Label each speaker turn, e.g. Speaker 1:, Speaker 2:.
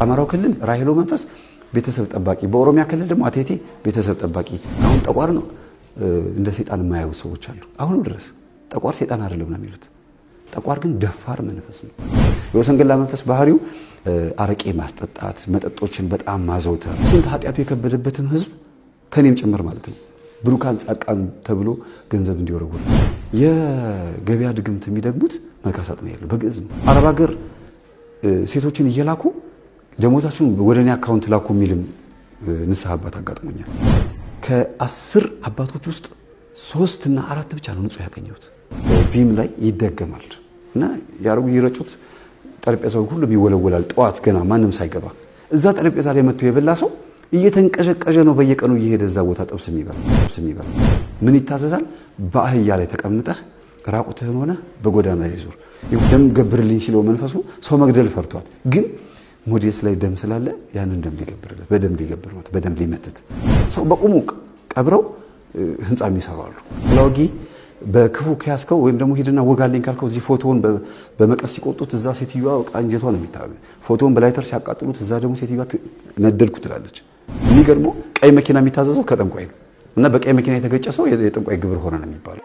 Speaker 1: በአማራው ክልል ራሄሎ መንፈስ ቤተሰብ ጠባቂ፣ በኦሮሚያ ክልል ደግሞ አቴቴ ቤተሰብ ጠባቂ። አሁን ጠቋር ነው እንደ ሰይጣን የማያዩ ሰዎች አሉ። አሁንም ድረስ ጠቋር ሰይጣን አይደለም ነው የሚሉት። ጠቋር ግን ደፋር መንፈስ ነው። የወሰንገላ መንፈስ ባህሪው አረቄ ማስጠጣት፣ መጠጦችን በጣም ማዘውተር፣ ስንት ኃጢአቱ የከበደበትን ህዝብ ከኔም ጭምር ማለት ነው ብሩካን ጻድቃን ተብሎ ገንዘብ እንዲወረጉ የገበያ ድግምት የሚደግሙት መልካሳጥ ነው ያለው በግዕዝ ነው። አረብ ሀገር ሴቶችን እየላኩ ደሞዛችሁን ወደ እኔ አካውንት ላኩ የሚልም ንስሐ አባት አጋጥሞኛል። ከአስር አባቶች ውስጥ ሶስት እና አራት ብቻ ነው ንጹህ ያገኘሁት። ቪም ላይ ይደገማል እና ያደርጉ ይረጩት ጠረጴዛው ሁሉም ይወለወላል። ጠዋት ገና ማንም ሳይገባ እዛ ጠረጴዛ ላይ መጥቶ የበላ ሰው እየተንቀዠቀዠ ነው በየቀኑ እየሄደ እዛ ቦታ ጥብስ የሚበላ ምን ይታዘዛል? በአህያ ላይ ተቀምጠህ ራቁትህን ሆነ በጎዳና ላይ ዙር። ደም ገብርልኝ ሲለው መንፈሱ ሰው መግደል ፈርቷል ግን ሞዴስ ላይ ደም ስላለ ያንን ደም ሊገብርለት በደም ሊገብርለት በደም ሊመጥት ሰው በቁሙ ቀብረው ህንፃ የሚሰሩ አሉ። ለወጊ በክፉ ከያዝከው ወይም ደግሞ ሂድና ወጋልኝ ካልከው እዚህ ፎቶውን በመቀስ ሲቆጡት እዛ ሴትዮዋ አንጀቷ ነው የሚታበ። ፎቶውን በላይተር ሲያቃጥሉት እዛ ደግሞ ሴትዮዋ ነደድኩ ትላለች። የሚገርመው ቀይ መኪና የሚታዘዘው ከጠንቋይ ነው እና በቀይ መኪና የተገጨ ሰው የጠንቋይ ግብር ሆነ ነው የሚባለው።